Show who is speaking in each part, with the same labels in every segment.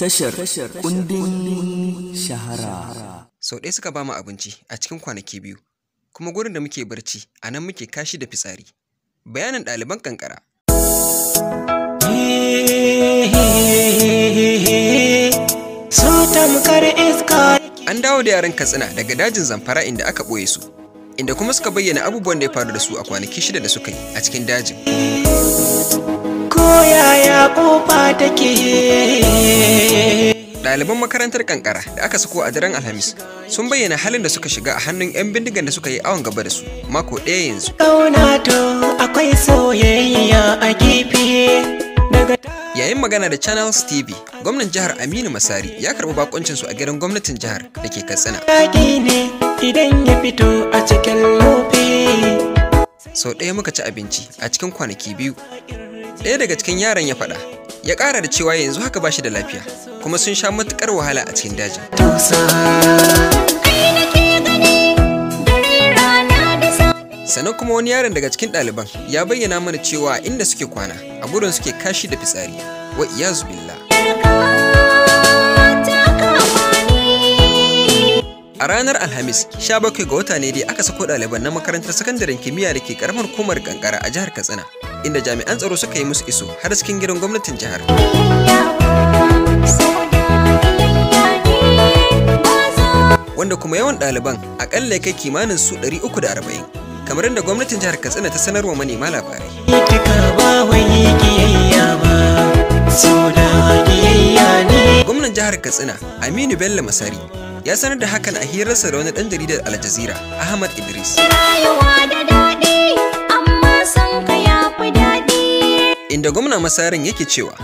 Speaker 1: tashar kundin shahara. Sau ɗaya suka ba mu abinci a cikin kwanaki biyu, kuma gurin da muke barci a nan muke kashi da fitsari. Bayanin ɗaliban kankara. An dawo da yaran Katsina daga dajin Zamfara inda aka ɓoye su, inda kuma suka bayyana abubuwan da ya faru da su a kwanaki shida da suka yi a cikin dajin. ya kofa take ɗaliban makarantar kankara da aka sako a daren alhamis sun bayyana halin da suka shiga a hannun 'yan bindigan da suka yi awon gaba da su mako ɗaya yanzu akwai yayin magana da channels tv gwamnan jihar aminu masari ya karɓi bakoncin su a gidan gwamnatin jihar da ke katsina idan ya fito a cikin lofi sau ɗaya muka ci abinci a cikin kwanaki biyu ɗaya daga cikin yaron ya faɗa ya ƙara da cewa yanzu haka ba shi da lafiya kuma sun sha matuƙar wahala a cikin dajin sannan kuma wani yaron daga cikin ɗaliban ya bayyana mana cewa inda suke kwana a gurin suke kashi da fitsari wa iyazu billah ranar alhamis Sha 17 ga wata ne dai aka sako ɗaliban na makarantar sakandaren kimiyya da ke karamar hukumar kankara a jihar katsina inda jami'an tsaro suka yi musu iso har cikin gidan gwamnatin jihar wanda kuma yawan ɗaliban akalla ya kai kimanin su 340 kamar yadda gwamnatin jihar katsina ta wa manema labarai gwamnan jihar katsina aminu bello masari ya sanar da hakan a hirarsa da wani dan jaridar Al Jazeera, Ahmad Idris. Inda gwamna masarin yake cewa,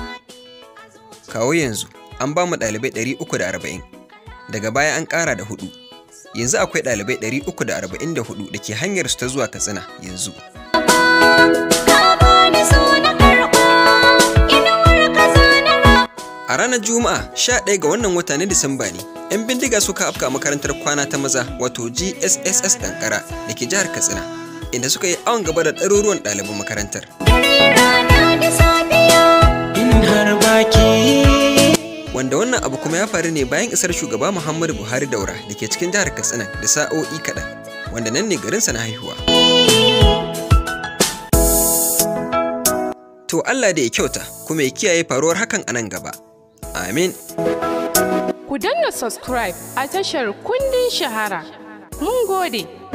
Speaker 1: kawo yanzu an ba mu ɗalibai arba'in, daga baya an ƙara da hudu. Yanzu akwai ɗalibai 344 da ke hanyar su ta zuwa Katsina yanzu. A ranar Juma'a 11 ga wannan wata na Disamba ne, 'yan bindiga suka afka makarantar kwana ta maza wato GSSS Dankara da ke jihar Katsina, inda suka yi awon gaba da ɗaruruwan ɗaliban makarantar. Wanda wannan abu kuma ya faru ne bayan isar shugaba Muhammadu Buhari daura da ke cikin jihar Katsina da sa'o'i kaɗan, wanda nan ne garinsa na haihuwa. To Allah da ya kyauta kuma ya kiyaye faruwar hakan a nan gaba. Amin. Ku danna subscribe a tashar kundin shahara. Mun gode.